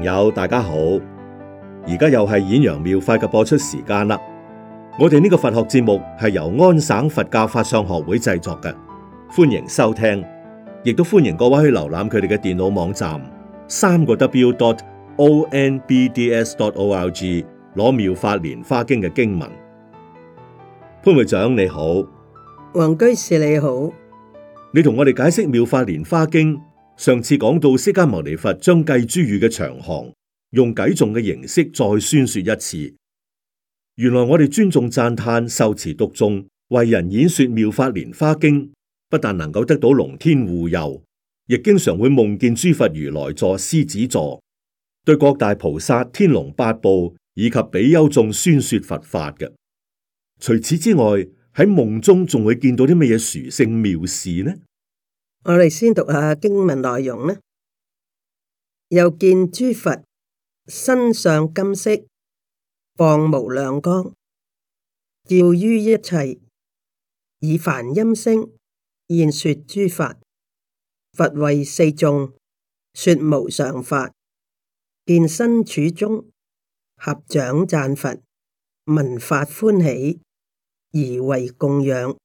朋友大家好，而家又係演揚妙法嘅播出時間啦！我哋呢個佛學節目係由安省佛教法相學會製作嘅，歡迎收聽，亦都歡迎各位去瀏覽佢哋嘅電腦網站三個 W dot O N B D S dot O R G，攞妙法蓮花經嘅經文。潘會長你好，黃居士你好，你同我哋解釋妙法蓮花經。上次講到釋迦牟尼佛將偈諸語嘅長行用偈頌嘅形式再宣說一次。原來我哋尊重讚歎受持讀誦，為人演說妙法蓮花經，不但能夠得到龍天護佑，亦經常會夢見諸佛如來坐獅子座，對各大菩薩、天龍八部以及比丘眾宣說佛法嘅。除此之外，喺夢中仲會見到啲乜嘢殊勝妙事呢？我哋先讀下經文內容啦。又見諸佛身上金色放無量光，照於一切，以梵音聲現說諸佛。佛為四眾說無上法，見身處中合掌讚佛，聞法歡喜而為供養，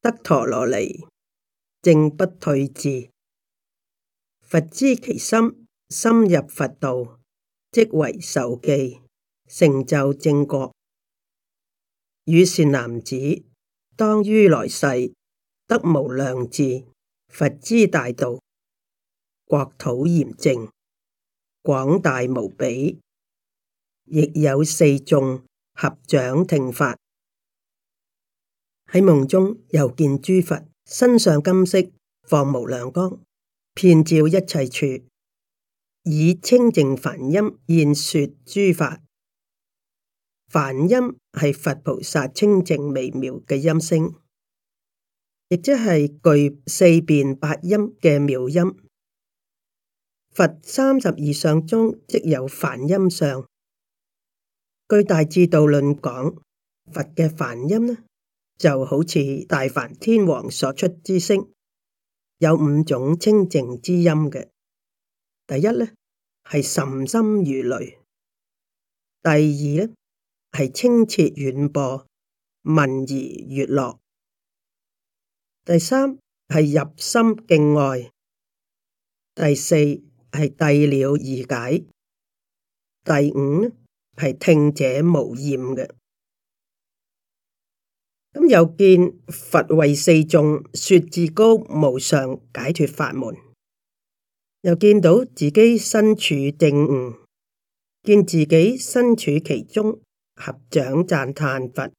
得陀羅尼。正不退志，佛知其心，深入佛道，即為受記，成就正覺。汝善男子，當於來世得無量智，佛之大道，國土嚴淨，廣大無比，亦有四眾合掌聽法。喺夢中又見諸佛。身上金色放無量光，遍照一切處，以清淨梵音現說諸法。梵音係佛菩薩清淨微妙嘅音聲，亦即係具四辯八音嘅妙音。佛三十二相中即有梵音相。據《大智度論》講，佛嘅梵音呢？就好似大梵天王所出之聲，有五種清淨之音嘅。第一呢，係甚深如雷；第二呢，係清澈遠播，聞而悅樂；第三係入心敬愛；第四係帝了而解；第五呢，係聽者無厭嘅。咁又見佛為四眾說至高無上解脫法門，又見到自己身處正悟，見自己身處其中，合掌讚歎佛，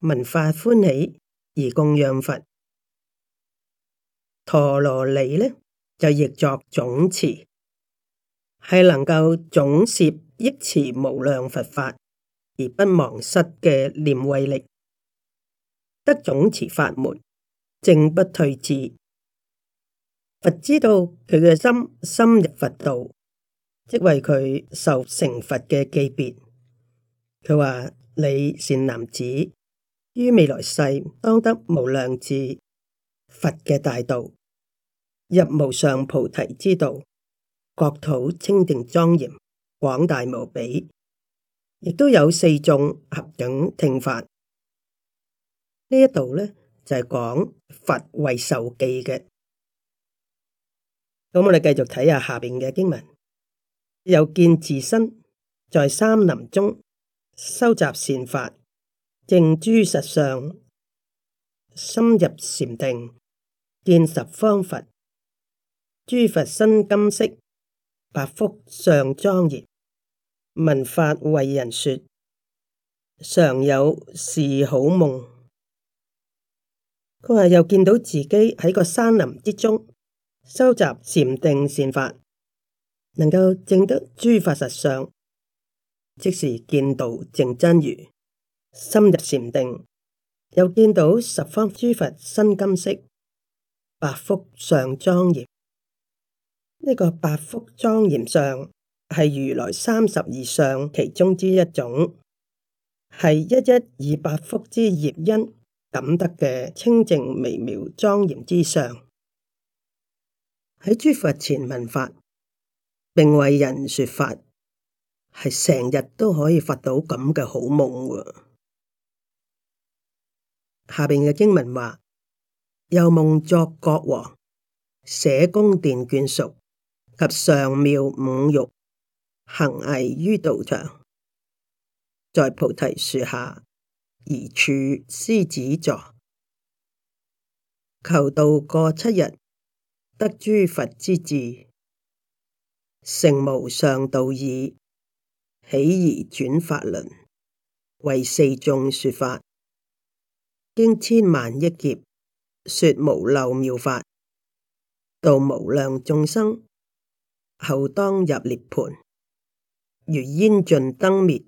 聞法歡喜而供養佛。陀羅尼呢，就譯作總持，係能夠總攝憶持無量佛法而不忘失嘅念慧力。得總持法門，正不退志。佛知道佢嘅心深入佛道，即為佢受成佛嘅記別。佢話：你善男子，於未來世當得無量智佛嘅大道，入無上菩提之道，國土清淨莊嚴，廣大無比，亦都有四眾合掌聽法。呢一度咧就係、是、講佛為受記嘅，咁我哋繼續睇下下邊嘅經文。又見自身在山林中收集善法，證諸實相，深入禪定，見十方佛，諸佛身金色，百福相莊嚴，聞法為人說，常有是好夢。佢話又見到自己喺個山林之中收集禪定善法，能夠證得諸法實相，即是見道證真如，深入禪定，又見到十方諸佛身金色，百福相莊嚴。呢、這個百福莊嚴相係如來三十二相其中之一種，係一一以百福之業因。感得嘅清靜微妙莊嚴之上，喺諸佛前聞法，並為人說法，係成日都可以發到咁嘅好夢喎。下邊嘅經文話：又夢作國王，捨宮殿眷屬及上妙五欲，行詣於道場，在菩提樹下。而處獅子座，求道過七日，得諸佛之智。成無上道已。起而轉法輪，為四眾說法，經千萬億劫，說無漏妙法，道無量眾生，後當入涅盤，如煙盡燈滅。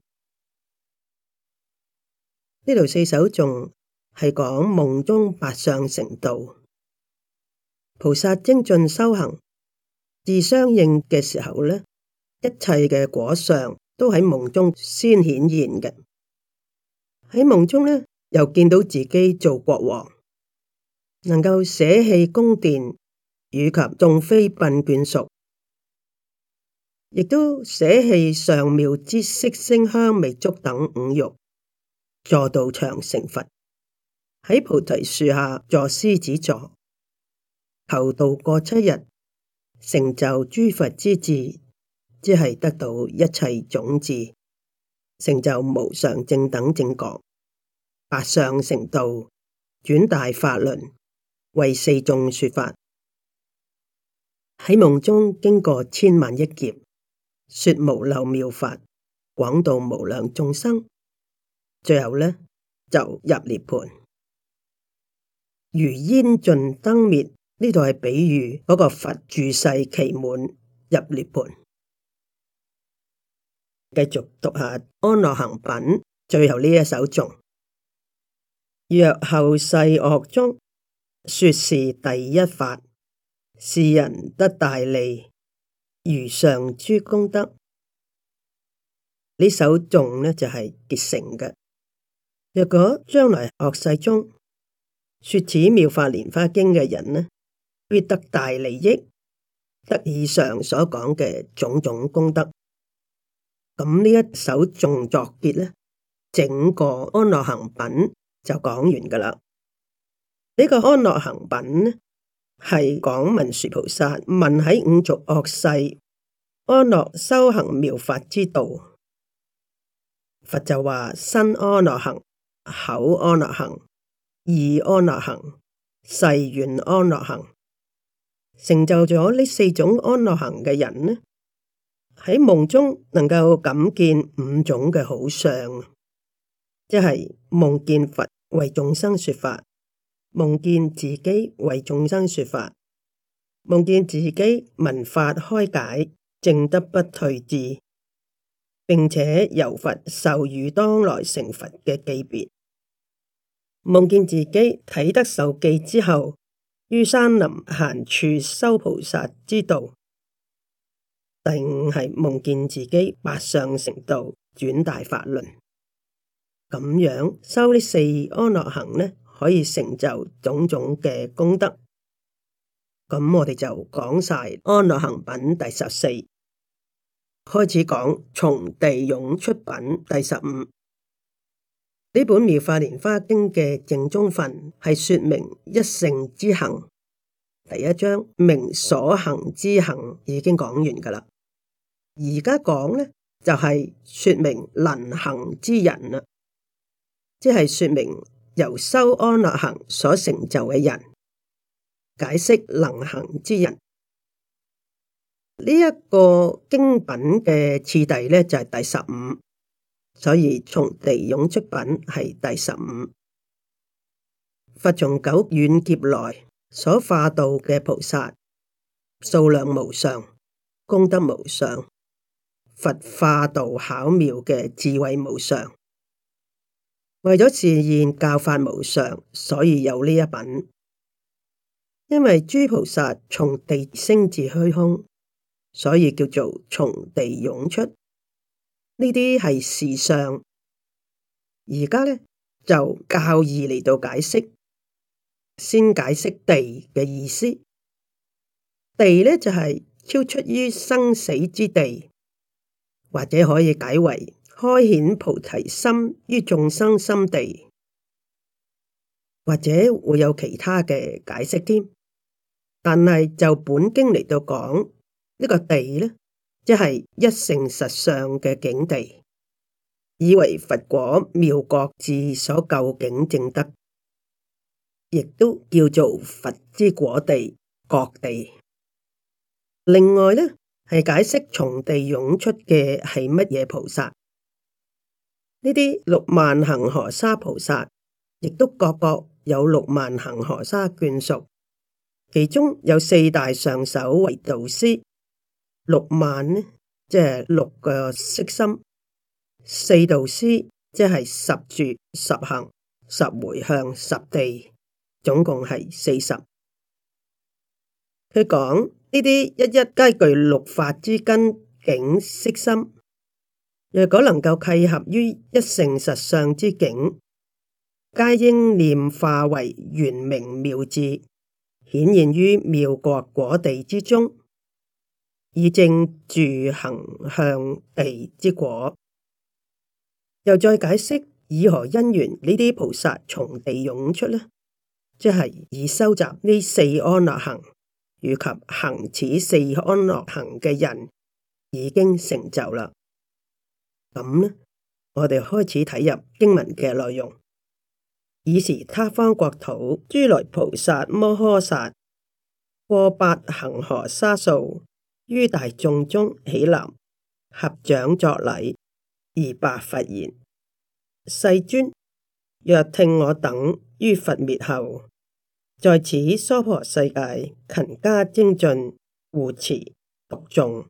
呢度四首仲係講夢中八相成道，菩薩精進修行自相應嘅時候呢，一切嘅果相都喺夢中先顯現嘅。喺夢中呢，又見到自己做國王，能夠捨棄宮殿以及眾妃嬪眷屬，亦都捨棄上妙之色、聲、香、味、觸等五欲。坐道場成佛，喺菩提樹下坐獅子座，求道過七日，成就諸佛之智，即係得到一切種子，成就無上正等正覺，八相成道，轉大法輪，為四眾說法，喺夢中經過千萬億劫，說無漏妙法，廣度無量眾生。最後呢，就入涅盤，如煙盡燈滅。呢度係比喻嗰個佛住世期滿入涅盤。繼續讀下《安樂行品》，最後呢一首頌：若後世惡中，說是第一法，是人得大利，如上諸功德。呢首頌呢，就係、是、結成嘅。若果將來惡世中說此妙法蓮華經嘅人呢，必得大利益，得以上所講嘅種種功德。咁呢一首眾作結呢，整個安樂行品就講完噶啦。呢、這個安樂行品呢，係講文殊菩薩問喺五濁惡世安樂修行妙法之道，佛就話新安樂行、口安樂行、意安樂行、誓願安樂行，成就咗呢四種安樂行嘅人呢，喺夢中能夠感見五種嘅好相，即係夢見佛為眾生說法，夢見自己為眾生說法，夢見自己文法開解，正得不退志，並且由佛授予當來成佛嘅記別。夢見自己睇得受記之後，於山林閒處修菩薩之道。第五係夢見自己八上成道，轉大法輪。咁樣修呢四安樂行呢，可以成就種種嘅功德。咁我哋就講晒安樂行品第十四，開始講從地涌出品第十五。呢本《妙法蓮花經》嘅正宗份係說明一乘之行，第一章明所行之行已經講完噶啦，而家講呢，就係說明能行之人啦，即係說明由修安樂行所成就嘅人，解釋能行之人呢一個經品嘅次第呢，就係第十五。所以，從地湧出品係第十五。佛從久遠劫來所化度嘅菩薩數量無常，功德無常，佛化度巧妙嘅智慧無常。為咗示現教法無常，所以有呢一品。因為諸菩薩從地升至虛空，所以叫做從地湧出。呢啲係事上，而家咧就教義嚟到解釋，先解釋地嘅意思。地咧就係、是、超出於生死之地，或者可以解為開顯菩提心於眾生心地，或者會有其他嘅解釋添。但係就本經嚟到講呢個地咧。即係一乘實相嘅境地，以為佛果妙覺智所究竟正得，亦都叫做佛之果地、各地。另外呢，係解釋從地涌出嘅係乜嘢菩薩？呢啲六萬恒河沙菩薩，亦都各各有六萬恒河沙眷屬，其中有四大上首為導師。六萬呢，即係六個色心四道師，即係十住、十行、十回向、十地，總共係四十。佢講呢啲一一皆具六法之根境色心，若果能夠契合於一成實相之境，皆應念化為元明妙智，顯現於妙國果地之中。以正住行向地之果，又再解釋以何因緣呢啲菩薩從地湧出呢？即係以收集呢四安樂行以及行此四安樂行嘅人已經成就啦。咁呢，我哋開始睇入經文嘅內容。爾時他方國土諸來菩薩摩訶薩過八恆河沙數。於大眾中起立，合掌作禮而白佛言：世尊，若聽我等於佛滅後，在此娑婆世界勤加精進護持讀誦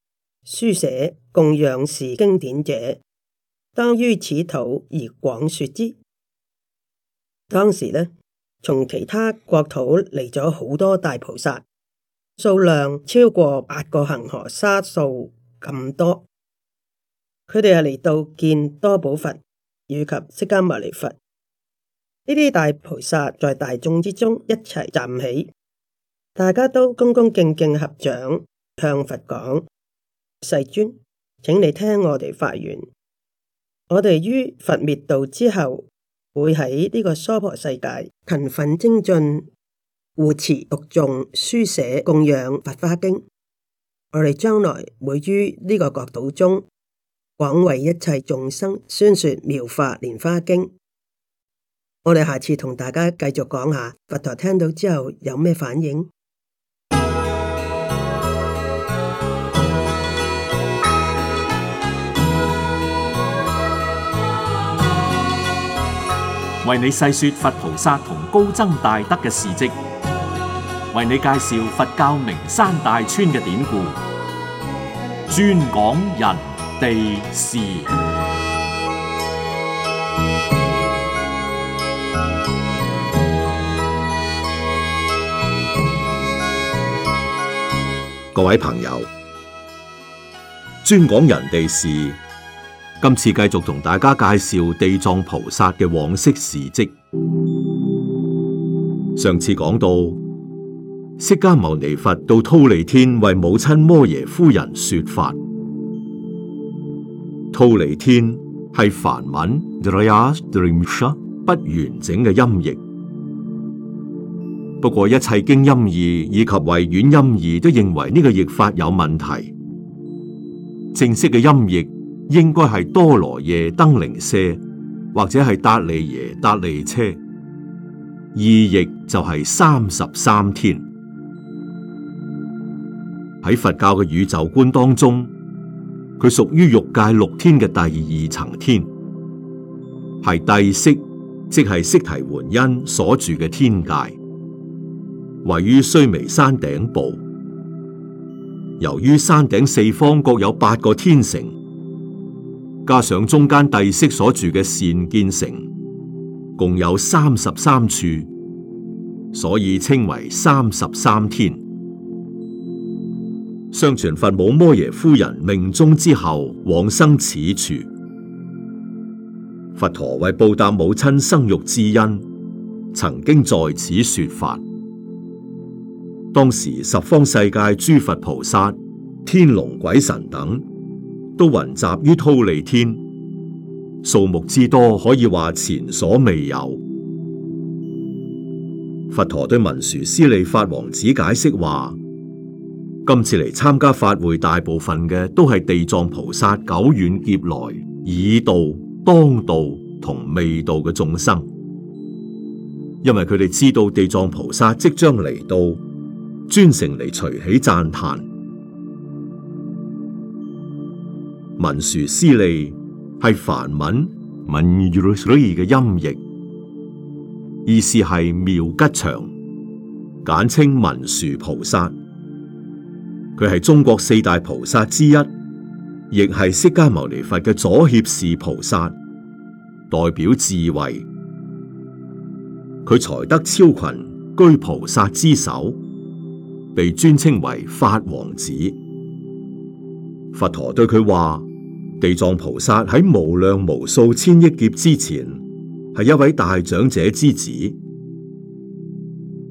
書寫供養是經典者，當於此土而廣說之。當時呢，從其他國土嚟咗好多大菩薩。數量超過八個恒河沙數咁多，佢哋又嚟到見多寶佛以及釋迦牟尼佛。呢啲大菩薩在大眾之中一齊站起，大家都恭恭敬敬合掌向佛講：世尊，請你聽我哋發言。我哋於佛滅度之後，會喺呢個娑婆世界勤奮精進。護持讀誦書寫供養《法花經》，我哋將來會於呢個國土中，廣為一切眾生宣說《妙法蓮花經》。我哋下次同大家繼續講下佛陀聽到之後有咩反應？為你細說佛菩薩同高僧大德嘅事跡。為你介紹佛教名山大川嘅典故，專講人地事。各位朋友，專講人地事，今次繼續同大家介紹地藏菩薩嘅往昔事迹。上次講到。釋迦牟尼佛到忉利天為母親摩耶夫人說法。忉利天係梵文，不完整嘅音譯。不過一切經音義以及慧苑音義都認為呢個譯法有問題。正式嘅音譯應該係多羅夜登靈舍，或者係達利耶達利車。意譯就係三十三天。喺佛教嘅宇宙觀當中，佢屬於欲界六天嘅第二層天，係帝釋，即係釋提桓因所住嘅天界，位於須彌山頂部。由於山頂四方各有八個天城，加上中間帝釋所住嘅善見城，共有三十三處，所以稱為三十三天。相傳佛母摩耶夫人命終之後，往生此處。佛陀為報答母親生育之恩，曾經在此說法。當時十方世界諸佛菩薩、天龍鬼神等都雲集於忉利天，數目之多可以話前所未有。佛陀對文殊師利法王子解釋話。今次嚟參加法會，大部分嘅都係地藏菩薩久遠劫來已度、當度同未度嘅眾生，因為佢哋知道地藏菩薩即將嚟到，專程嚟隨喜讚嘆。文殊師利係梵文 Manjushri 嘅音譯，意思係妙吉祥，簡稱文殊菩薩。佢係中國四大菩薩之一，亦係釋迦牟尼佛嘅左脅侍菩薩，代表智慧。佢才德超群，居菩薩之首，被尊稱為法王子。佛陀對佢話，地藏菩薩喺無量無數千億劫之前，係一位大長者之子。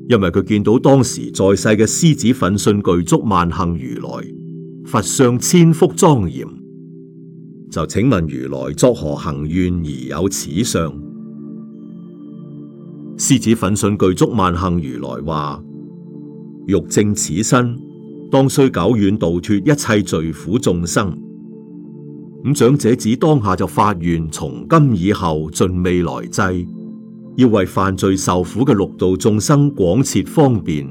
因為佢見到當時在世嘅獅子奮迅具足萬行如來，佛相千福莊嚴，就請問如來作何行願而有此相？獅子奮迅具足萬行如來話：欲證此身，當須久遠度脱一切罪苦眾生。咁長者子當下就發願，從今以後盡未來際。要為犯罪受苦嘅六道眾生廣設方便，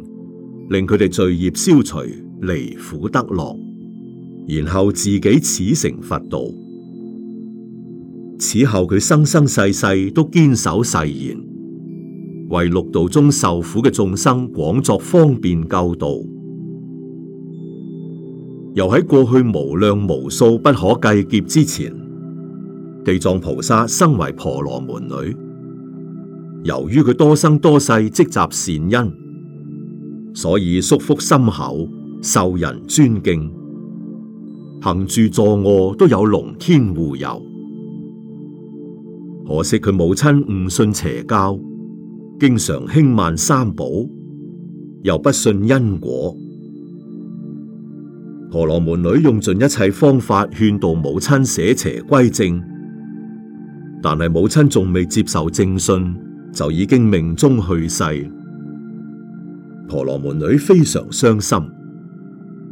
令佢哋罪業消除，離苦得樂，然後自己此成佛道。此後佢生生世世都堅守誓言，為六道中受苦嘅眾生廣作方便教導。又喺過去無量無數不可計劫之前，地藏菩薩身為婆羅門女。由於佢多生多世積集善因，所以宿福深厚，受人尊敬。行住坐臥都有龍天護佑。可惜佢母親誤信邪教，經常輕慢三寶，又不信因果。婆羅門女用盡一切方法勸導母親捨邪歸正，但係母親仲未接受正信。就已經命中去世，婆羅門女非常傷心，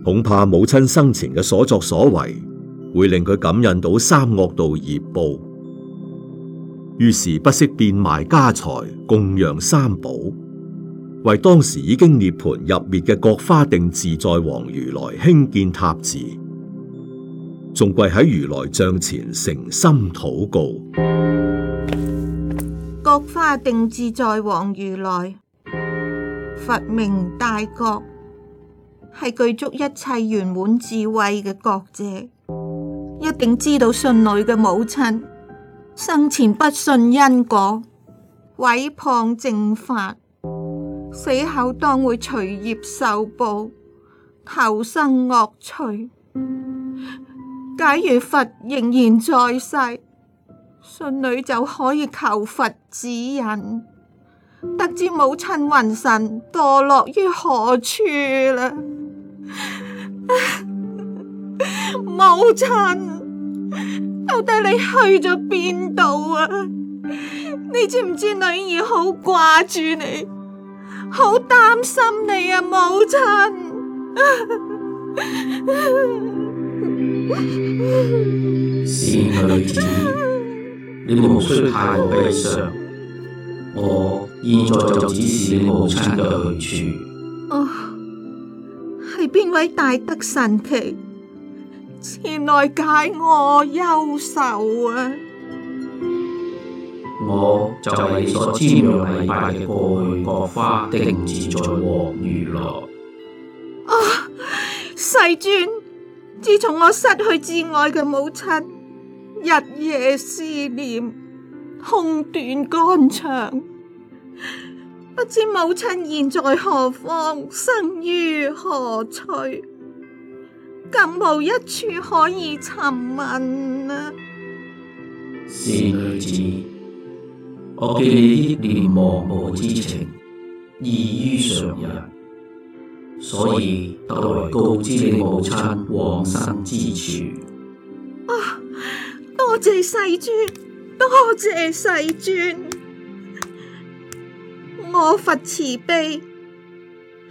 恐怕母親生前嘅所作所為會令佢感應到三惡道業報，於是不惜變賣家財供養三寶，為當時已經涅槃入滅嘅覺華定自在王如來興建塔寺，仲跪喺如來像前誠心禱告。覺華定自在王如來，佛名大覺，係具足一切圓滿智慧嘅覺者，一定知道信女嘅母親，生前不信因果，毀謗正法，死後當會隨業受報，投生惡趣。假如佛仍然在世。信女就可以求佛指引，得知母親魂神墮落於何處啦。 母親，到底你去咗邊度啊？你知唔知女兒好掛住你，好擔心你啊，母親。是 女子。你哋無需太悲傷，我現在就指示你母親嘅去處。啊、哦，係邊位大德神奇前來解我憂愁啊！我就係你所瞻仰禮拜嘅過去覺華定自在王如來。啊、哦，世尊，自從我失去至愛嘅母親。日夜思念，空斷肝腸，不知母親現在何方，生於何趣，更無一處可以尋問啊！善女子，我見你憶念亡母之情異於常人，所以特來告知你母親往生之處。多謝世尊，多謝世尊，我佛慈悲，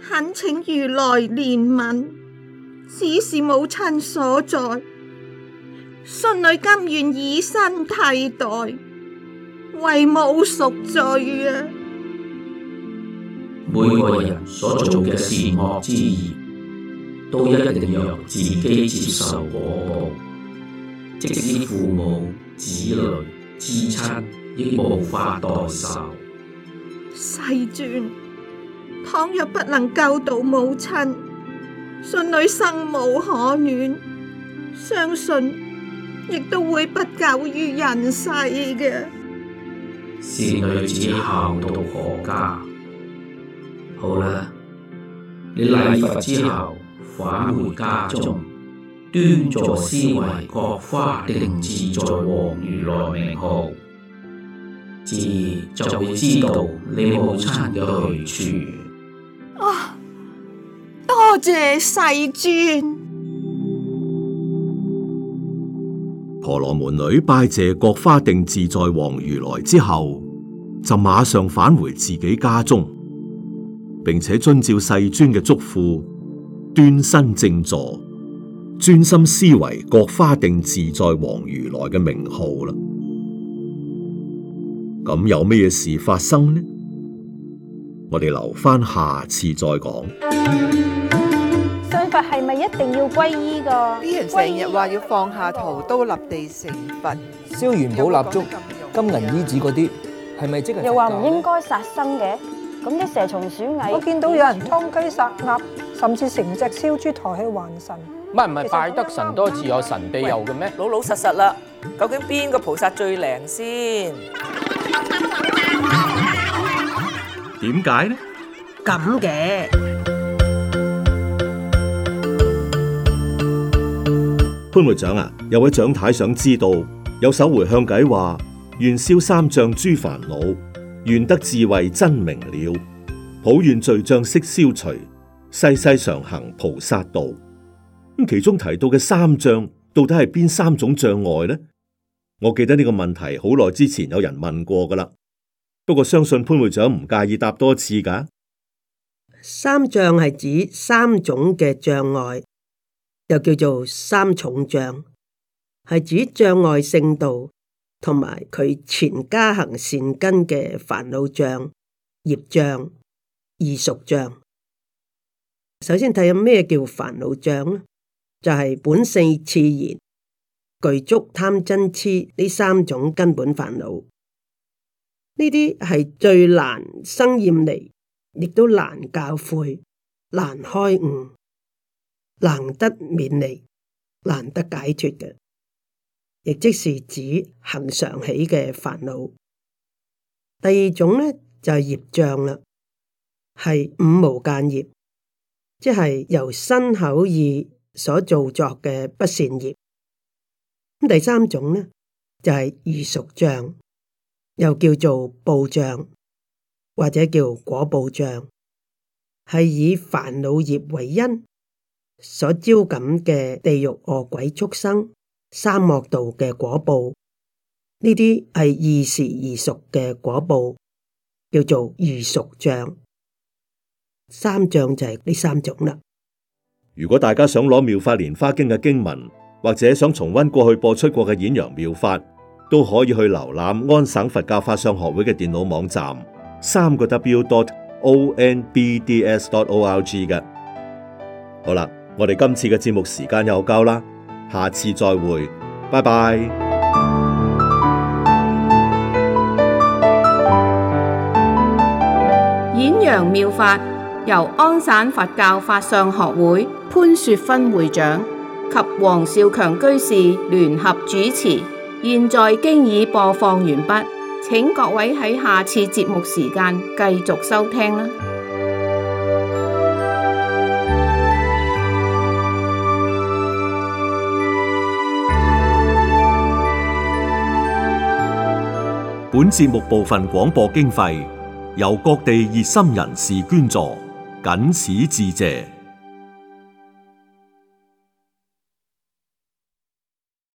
懇請如來憐憫，只是母親所在，信女甘願以身替代，為母贖罪啊！每個人所做嘅善惡之業，都一定要由自己接受果即使父母、子女、至親亦無法代受。世尊，倘若不能救到母親，信女生無可戀，相信亦都會不久於人世嘅。善女子孝道何家？好啦，你禮佛之後返回家中。端坐思維，覺華定自在王如來名號，自然就會知道你母親嘅去處。啊，多謝世尊！婆羅門女拜謝覺華定自在王如來之後，就馬上返回自己家中，並且遵照世尊嘅囑咐，端身正坐。專心思維，覺華定自在王如來嘅名號啦。咁有咩事發生呢？我哋留翻下，下次再講。信佛係咪一定要皈依噶？啲人成日話要放下屠刀立地成佛，燒元寶蠟燭、金銀衣紙嗰啲，係咪即係？又話唔應該殺生嘅。咁啲蛇蟲鼠蟻，我見到有人劏雞殺鴨，甚至成隻燒豬抬去還神。唔係唔係，拜得神多自有神庇佑嘅咩？老老實實啦，究竟邊個菩薩最靈先？點解呢？咁嘅潘會長啊，有位蔣太，太想知道，有首回向偈話：願消三障諸煩惱，願得智慧真明了，普願罪障悉消除，世世常行菩薩道。咁其中提到嘅三障到底係邊三種障礙呢？我記得呢個問題好耐之前有人問過噶啦，不過相信潘會長唔介意答多次噶。三障係指三種嘅障礙，又叫做三重障，係指障礙聖道同埋佢前加行善根嘅煩惱障、業障、異熟障。首先睇下咩叫煩惱障啦。就係本性自然、具足貪嗔癡呢三種根本煩惱，呢啲係最難生厭離，亦都難教誨、難開悟、難得免離、難得解脫嘅，亦即是指恆常起嘅煩惱。第二種呢，就是業障啦，係五無間業，即係由身口意。所造作嘅不善業，第三種呢，就係異熟障，又叫做報障，或者叫果報障，係以煩惱業為因所招感嘅地獄餓鬼畜生三惡道嘅果報，呢啲係異時異熟嘅果報，叫做異熟障。三障就係呢三種啦。如果大家想攞《妙法蓮花經》嘅經文，或者想重溫過去播出過嘅演揚妙法，都可以去瀏覽安省佛教法相學會嘅電腦網站，三個 W dot O N B D S dot O L G 嘅。好啦，我哋今次嘅節目時間又夠啦，下次再會，拜拜。演揚妙法由安省佛教法相學會潘雪芬會長及黃少強居士聯合主持，現在經已播放完畢，請各位喺下次節目時間繼續收聽啦。本節目部分廣播經費由各地熱心人士捐助，謹此致謝。